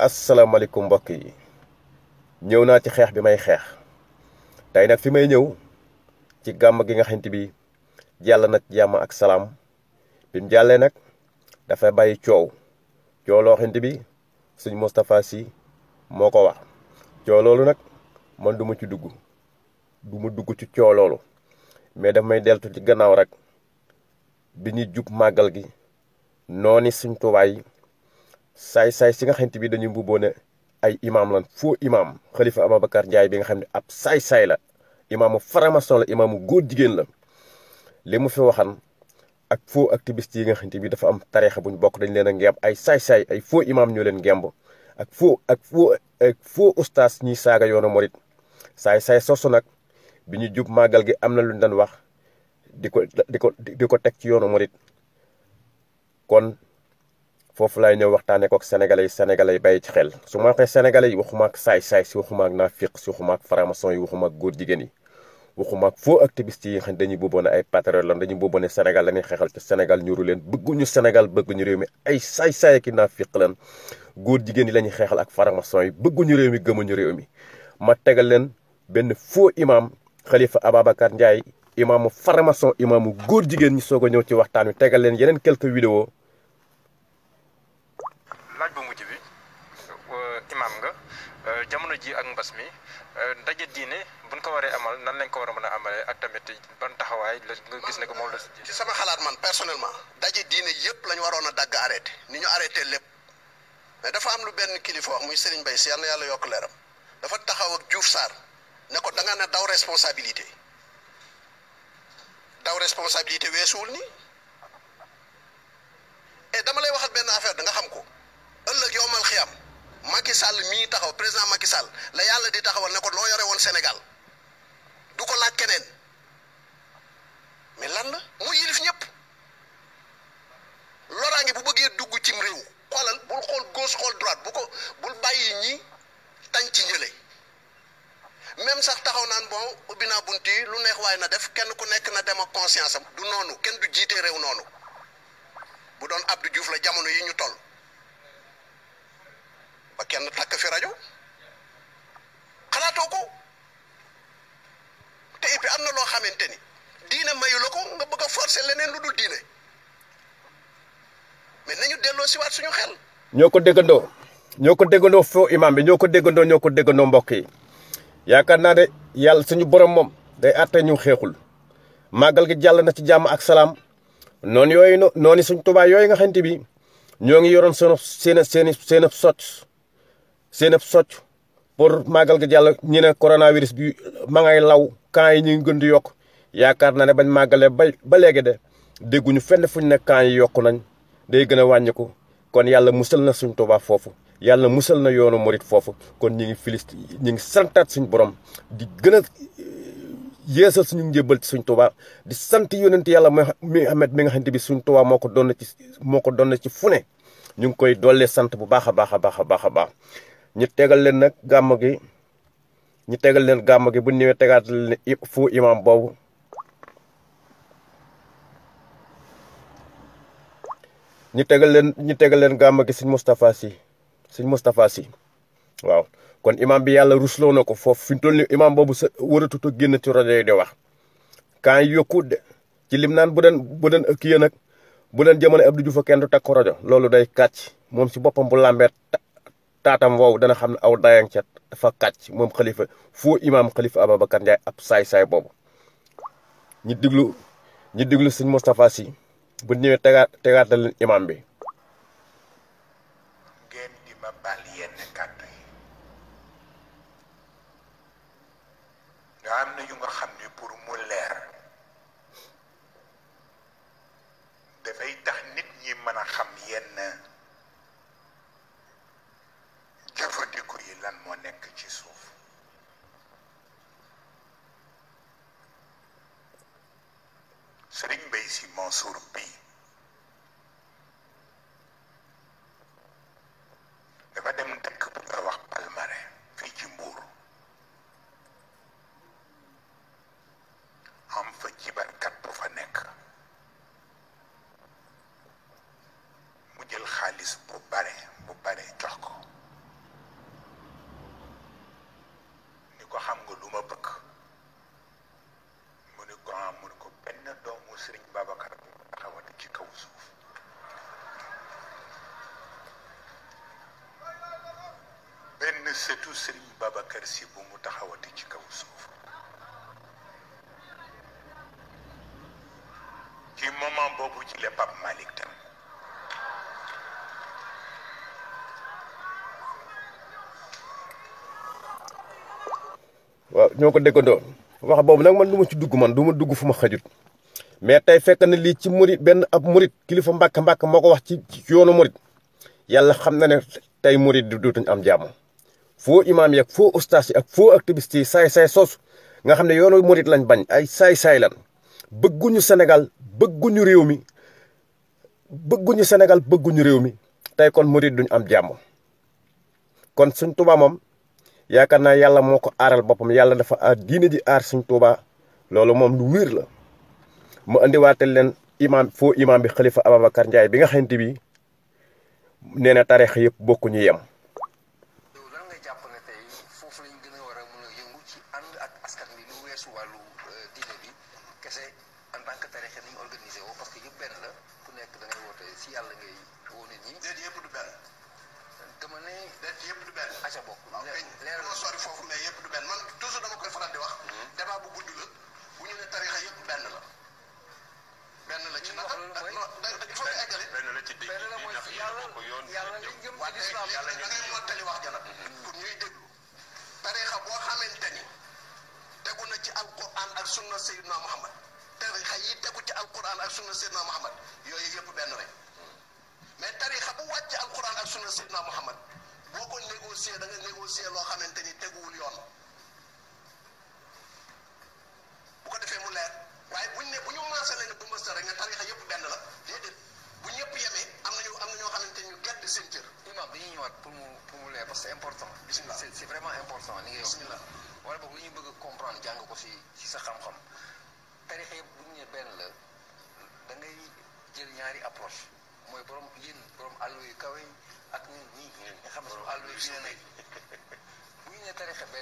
Assalamualaikum mbokk yi ñew na ci xex bi may xex tay nak fi may ñew ci gi nga xanti bi jàll nak jàmm ak salam bim jalle nak da dafa bàyyi ciow ciow lo xanti bi seigne mustapha si moko wax ciow lolu nak man duma ci dugg duma dugg ci ciow lolu mais da may deltu ci gannaaw rek biñu magal gi saay-saay si nga xamante bi dañuy mbubboo ne ay imaam lan faux imaam xalifa bakar Ndiaye bi nga xam ne ab saay-saay la imaamu faramason la imaamu góor jigéen la li mu fi waxan ak faux activiste yi nga xamante bi dafa am bu ñu bokk dañ leen a ngemb ay saay-saay ay faux imaam ñoo leen ngemb ak faux ak faux ak faux ustaas ñiy saaga yoonu morit saay-saay sosu nag bi ñu jub màggal gi am na luñ daan wax di ko di ko di ko teg ci yoonu morit kon foofu laay ñëw waxtaanee kook sénégalais yi sénégalais yi bàyyi ci xel su ma waxee sénégalais yi waxuma ak saay-saay si waxuma ak naafiq si waxuma ak faramason yi waxuma ak góor jigéen yi waxuma ak faux activiste yi xam dañuy booboo ay patriote lan dañuy booboo ne Sénégal lañuy xeexal te Sénégal ñuru leen bëgguñu Sénégal bëgguñu réew mi ay saay-saay ki naafiq lan góor jigéen yi lañuy xeexal ak faramason yi bëgguñu réew mi gëmuñu réew mi ma tegal leen benn faux imam Khalifa Ababacar Ndiaye imaamu faramason imaamu góor jigéen ñi soog a ñëw ci waxtaan wi tegal leen yeneen quelques vidéo am nga euh, jamono ji ak mbas mi euh, ndaje diine buñ ko waré amal nan lañ ko wara mëna amalé ak tamit ban taxaway la nga gis ne ko mo la ci sama xalaat man personnellement daje diine yépp lañ warona dag arrêté ni ñu arrêté lépp mais dafa am lu benn kilifa wax muy Serigne Bay si yalla yàlla yokk leeram dafa taxaw ak Diouf sar ne ko da nga na daw responsabilité daw responsabilité wessul ni et dama lay waxal benn affaire da nga xam ko ëllëg yowmal mal xiyam Macky Sall mi taxaw président Macky Sall la yalla di taxawal ne ko loo yore won Sénégal du ko laaj kenen mais lan la mu yilif ñep loraange bu bëggé dugg ci réew xolal bul xol gauche xol droite bu ko bul bayyi ñi tañ ci ñëlé même sax taxaw naan bon ubina bunti lu neex way na def kenn ku nekk na dem ak conscience am du nonu kenn du jité rew nonu bu doon Abdou Diouf la jamono yi ñu toll. Bakian kenn takk fi rajo xalaatoo ko te et amna lo xamanteni dina mayu la nga bëgg forcer leneen luddul dul diine mais nañu delo ci wat suñu xel. ñoko deggando ñoko deggando fo imam bi ñoko deggando ñoko deggando mbokk yi yaakaar naa ne yàlla suñu borom moom day àtte ñu xeexul màggal gi jàll na ci jàmm ak salaam noonu yooyu noonu suñu yooyu nga xamante bi ñoo ngi yoroon seen seen seen seen sot seen ab socc pour màggal ga jàll ñu ne coronavirus bi ma ngay law camp yi ñu ngi gën di yokk yaakaar naa ne bañ màggalee ba ba léegi de dégguñu fenn ñu ne camp yi yokku nañ day gën a wàññiku kon yàlla musal na suñ Tuubaa foofu yàlla musal na yoonu murit foofu kon ñu ngi filist ñu ngi santaat suñ borom di gën a eh, yeesal suñu njëbbal suñ Tuubaa di sant yonent yàlla mu Muhammad mi nga xamante bi suñ Tuubaa moo ko doon ci moo ko doon ci fu ne ñu ngi koy dollee sant bu baax a baax a baax a baax a baax ñu tegal leen nag gàmm gi ñu tegal leen gàmm gi bu ñëwee tegaat leen fu imam boobu ñu tegal leen ñu tegal leen gàmm gi sëñ Moustapha Sy sëñ Moustapha Sy waaw kon imam bi yàlla rusloo na ko foofu fi mu toll nii boobu sa waratut a génn rajo yi di wax kan yokkut de ci lim naan bu den bu den kii nag bu den jamono Abdou Diouf kenn du takk ko rajo loolu day kàcc moom si boppam bu làmbee taatam woowu dana xam ne aw dayang ca dafa kàcc moom xalifa foo imaam xalifa Ababacar Ndiaye ab saay-saay boobu ñu diglu ñu diglu sëñ Moustapha Sy bu tegaat tegaatal imaam bi Serigne Mbaye Sy Mansour bii dafa dem dëkk bu nga wax Palmarin fii ci Mbuur am fa jibarkat bu fa nekk mu jël xaalis bu bare bu bare jox ko ni ko xam nga lu ma bëgg surtout Serigne Babacar Sy bu mu ci kaw suuf ci moment boobu waaw ñoo ko déggandoo wax boobu nag man lu ma ci dugg man du ma dugg fu ma xajut mais tey fekk na lii ci murit benn ab murit kilifa mbakk mbàkk moo ko wax ci yoonu murit yàlla xam na ne tey morit du dutuñ am jàmm foo imaam yi ak foo ustaas yi ak foo activiste yi saay-saay soosu nga xam ne yoonu murit lañu bañ ay saay-saay lan bëgguñu Sénégal bëgguñu réew mi bëgguñu Sénégal bëgguñu réew mi tey kon murit duñu am jàmm kon suñ Tuubaa moom yaakaar naa yàlla moo ko aaral boppam yàlla dafa aar diine ji aar suñ Tuubaa loolu moom lu wéer la mu indiwaatal leen imaam foo imaam bi Xalifa Ababacar Ndiaye bi nga xamante bi nee na tarix yëpp bokkuñu yem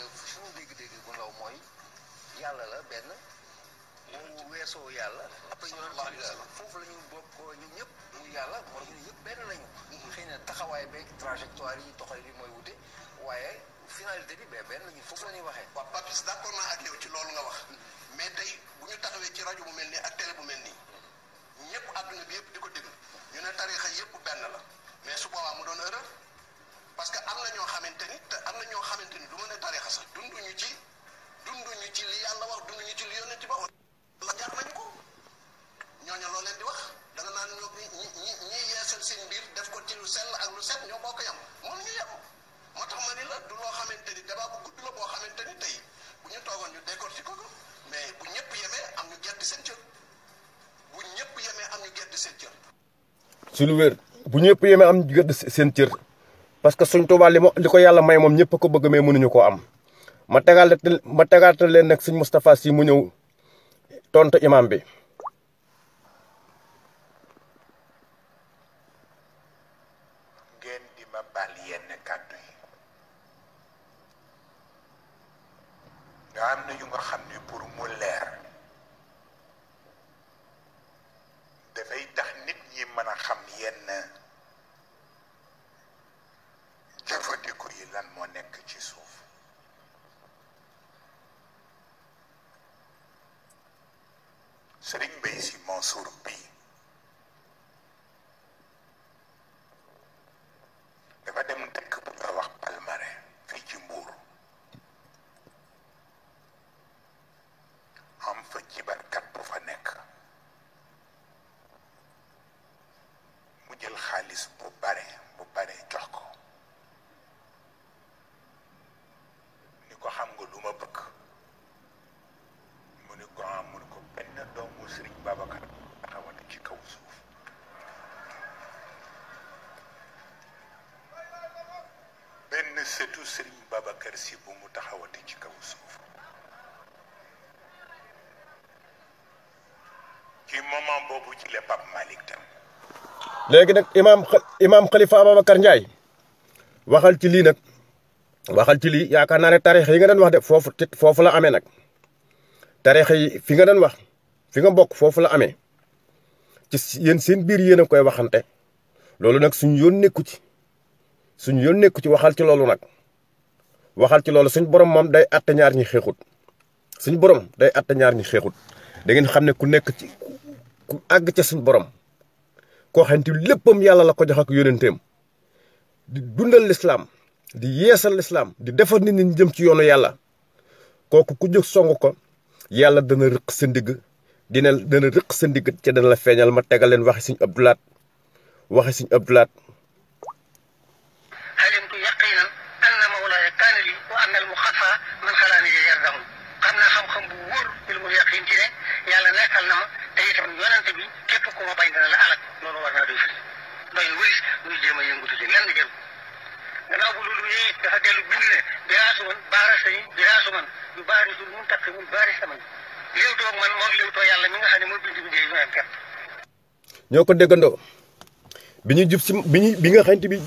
yàlla suñu dégg-dégg bu ndaw mooy yàlla la benn. boo weesoo yàlla. après yonent bi foofu la ñu bokkoo ñu ñëpp. muy yàlla mooy ñun ñëpp benn xëy na taxawaay beeg trajectoire yi doxal li mooy wute waaye finalité bi bee benn lañu foofu la ñuy waxee. waaw Papis d'accord naa ak yow ci loolu nga wax. mais tey bu ñu taxawee ci rajo bu mel nii ak télé bu mel nii. ñëpp àdduna bi yëpp di ko déglu. ñu ne tariixa yëpp benn la. mais su boobaa mu doon erreur. parce que am na ñoo xamante ni te am na ñoo xamante ni du mën a tarixa sax dunduñu ci dunduñu ci li yàlla wax dunduñu ci li yonent ba la jaar nañ ko ñooñu loo wax da nga naan ñi ñi ñiy yeesal seen def ko ci lu ak lu set ñoo bokk yam mën ñu yem moo tax ma ni xamante ni débat bu gudd la boo xamante ni tey bu ñu toogoon ñu décortiquer ko mais bu ñëpp yemee am ñu gedd seen cër bu ñëpp yemee am ñu gedd seen cër. suñu wér bu ñëpp yemee am ñu gedd seen cër. parce que suñ Tuubaa li ma li ko yàlla may moom ñëpp ko bëgg mais mënuñu koo am ma tegaat ma tegaat leen nag suñ Moustapha Sy mu ñëw tontu imam bi. sëriñ Mbaye Sy Mansour bii surtout Serigne Babacar ci kaw suuf léegi nag imaam imaam Khalifa Ababacar Ndiaye waxal ci lii nag waxal ci lii yaakaar naa ne tarix yi nga doon wax de foofu foofu la amee nag tarix yi fi nga doon wax fi nga bokk foofu la amee ci yéen seen biir yéen a koy waxante loolu nag suñu yoon nekku ci. suñu yoon nekku ci waxal ci loolu nag waxal ci loolu suñu borom moom day atte ñaar ñi xeexut suñu borom day atte ñaar ñi xeexut da ngeen xam ne ku nekk ci ku àgg ca suñu borom koo xam te léppam yàlla la ko jox ak yónenteem di dundal lislaam di yeesal lislaam di defar nit ñi jëm ci yoonu yàlla kooku ku jóg song ko yàlla dana rëq sa ndigg dina dana rëq sa ndigg ca dana la feeñal ma tegal leen waxi suñ abdulaat waxi suñ abdulaat baaridul muntaqimul baari samani léewtoo man moom léewtoo yàlla mi nga xam ne moo bind yu naan kat ñoo ko déggandoo bi ñu jub bi nga xanti bi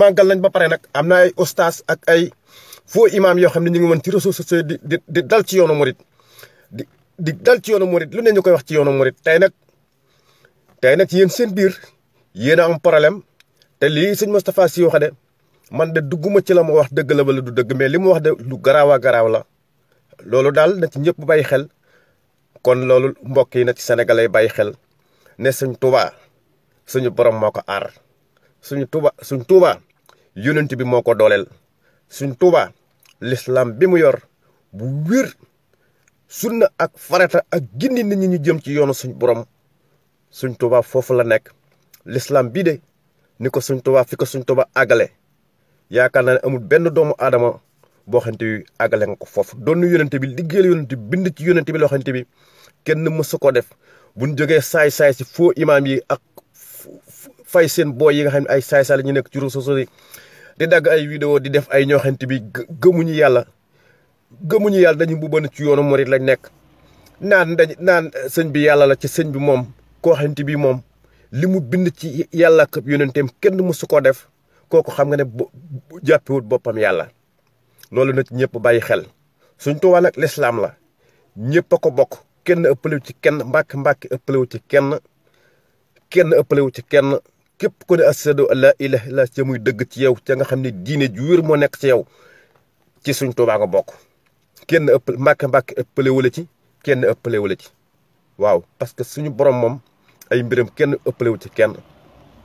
magal lañ ba paré nak amna ay ostaas ak ay faux imam yo xamni ñu ngi won ci réseaux sociaux di di dal ci yoonu mourid di di dal ci yoonu mourid lu ne ñu koy wax ci yoonu mourid tay nak tay nak yeen seen bir yeen am problème te li seigne mustapha si wax man de duguma ci lama wax deug la wala du deug mais limu wax de lu grawa grawa la loolu daal na ci ñëpp bàyyi xel kon loolu mbokk yi na ci sénégalais bàyyi xel ne suñ Tuubaa suñu borom moo ko ar suñu Tuubaa suñ Tuubaa yonent bi moo ko dooleel suñ Tuubaa l'islam bi mu yor bu wér na ak farata ak gindi nit ñu ñu jëm ci yoonu suñ borom suñ Tuubaa foofu la nekk l'islam bi de ni ko suñ Tuubaa fi ko suñ Tuubaa àggale yaakaar naa ne amul benn doomu aadama boo xamante bi àggale nga ko foofu doon na yonente bi liggéeyal yonente bind ci yonente bi loo xamante bi kenn mësu ko def buñ jógee saay-saay si foo imaam yi ak fay seen booy yi nga xam ne ay saay-saay la ñu nekk ci réseaux di dagg ay vidéo di def ay ñoo bi gëmuñu yàlla gëmuñu yàlla dañu bu ci yoonu murit lañ nekk naan sëñ bi yàlla la ci sëñ bi moom koo bi moom li mu bind ci yàlla ak yonenteem kenn mësu ko def kooku xam nga ne jàppewut boppam yàlla loolu na ci ñëpp bàyyi xel suñ Tuubaa nag lislaam la ñëpp a ko bokk kenn ëppalewu ci kenn mbàkk mbàkk ëppalewu ci kenn kenn ëppalewu ci kenn képp ku ne a an laa ilaaha illallaah ca muy dëgg ci yow ca nga xam ne diine ju wér moo nekk ci yow ci suñ Tuubaa nga bokk kenn ëpp mbàkk mbàkk ëppalewu ci kenn ëppalewu la ci waaw parce que suñu borom moom ay mbiram kenn ëppalewu ci kenn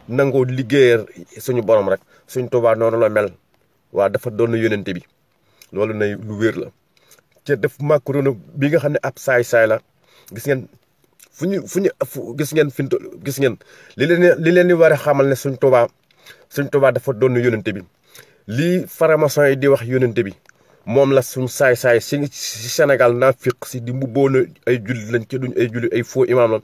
nangoo liggéeyal suñu borom rek suñ Tuubaa noonu la mel waaw dafa doon yónnente bi loolu nay lu wér la te def ma corona bi nga xam ne ab saay-saay la gis ngeen fu ñu fu ñu gis ngeen fi gis ngeen li leen li leen di war a xamal ne suñ Tuubaa suñ Tuubaa dafa doon yónente bi lii faramason yi di wax yónente bi moom la suñ saay-saay si si naa naafiq si di mbubboo na ay jullit lañ ci duñ ay jullit ay faux imam la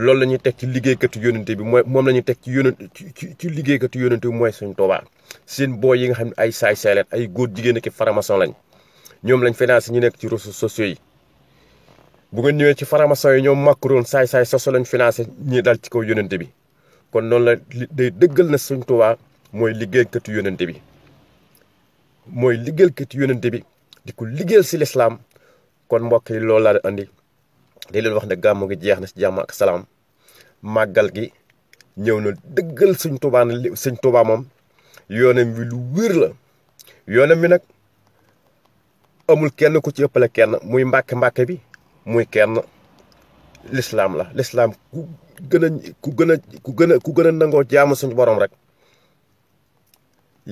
loolu la ñuy teg ci liggéeykatu yónente bi mooy moom la teg ci yónent ci ci liggéeykatu yónente bi mooy suñ Tuubaa seen booy yi nga xam ne ay saay saaylet ay góor jigéen ki faramason lañ ñoom lañ financé ñu nekk ci réseaux sociaux yi bu nga ñëwee ci faramason yi ñoom Macron saay saay soso lañ financé ñi daal ci kaw yónente bi kon loolu la day dëggal na suñ Tuubaa mooy liggéeykatu yoonante bi mooy liggéeykatu yoonante bi di ko liggéeyal si lislaam kon mbokk yi loolu laa indi lii leen wax ne gàmmu gi jeex na ci jàmm ak salaam màggal gi ñëw na dëggal suñ tubaa na suñ tubaa moom yoonam wi lu wér la yoonam wi nag amul kenn ku ci ëppale kenn muy mbàkke mbàkke bi muy kenn lislaam la lislaam ku gën a ku gën a ku gën a ku gën a nangoo jaamu suñu borom rek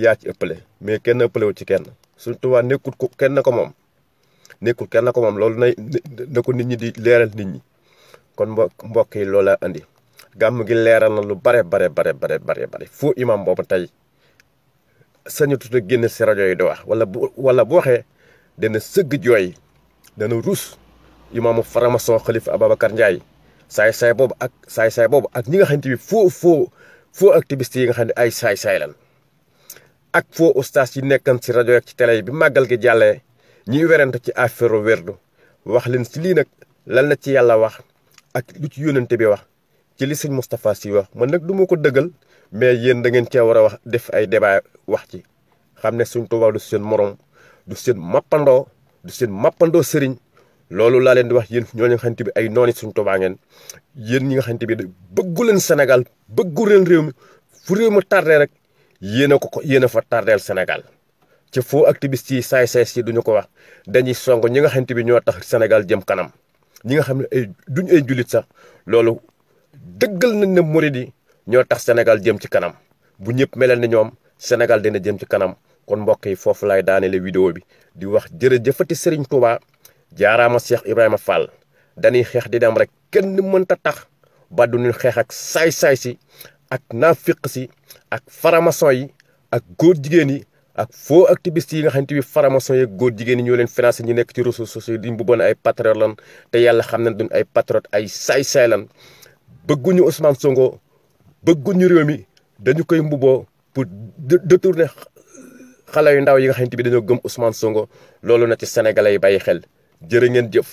yaa ci ëppale mais kenn ëppale ci kenn suñ tubaa ko kenn ko moom nekul kenn ko mom lolou nay nako nit ñi di leral nit ñi kon mbokk yi loola andi gam gi leral na lu bare bare bare bare bare bare fu imam bobu tay sañatut tutu genn ci radio yi do wax wala bu wala bu waxee dana seug joy dana ruus imaamu faramason khalifa Ababacar Ndiaye say say bob ak say say bob ak ñi nga xanti bi fu foo foo activiste yi nga xanti ay say say lan ak fo oustaz yi nekkan si radio ak ci télé bi magal gi ñuy werante ci affaire werdu wax leen si lii nag lan la ci yàlla wax ak lu ci yónnante bi wax ci li sëñ Moustapha Sy wax man nag du ma ko dëggal mais yéen da ngeen cee war a wax def ay débat wax ci xam ne suñ Tuubaa du seen morom du seen mappandoo du seen mappandoo sëriñ loolu laa leen di wax yéen ñooñu nga xamante bi ay nooni suñ Tuubaa ngeen yéen ñi nga xamante bi bëggu leen Sénégal bëggu leen réew mi fu réew mi tardé rek yéen ko ko yéen a fa tardeel Sénégal ci foo activiste yi saay-saay si duñu ko wax dañuy song ñi nga xamante bi ñoo tax Sénégal jëm kanam ñi nga xam ne ay duñ ay jullit sax loolu dëggal nañ ne murid yi ñoo tax senegal jëm ci kanam bu ñëpp melal ni ñoom Sénégal dina jëm ci kanam kon mbokk yi foofu laay daaneele vidéo bi di wax jërëjëfati Serigne Touba jaaraama Cheikh Ibrahima Fall dañuy xeex di dem rek kenn mënta tax ba duñu xeex ak saay-saay si ak naafiq si ak faramason yi ak góor jigéen yi ak foo activiste yi nga xamante bi faramason yeeg góor jigéen ñi ñoo leen financé ñu nekk ci réseaux sociaux di mbubboon ay patriote te yàlla xam ne duñ ay patriote ay saay-saay lan bëgguñu Ousmane Sonko bëgguñu réew mi dañu koy mbubboo pour détourner xale yu ndaw yi nga xamante bi dañoo gëm Ousmane songo loolu na ci sénégalais yi bàyyi xel jërë ngeen jëf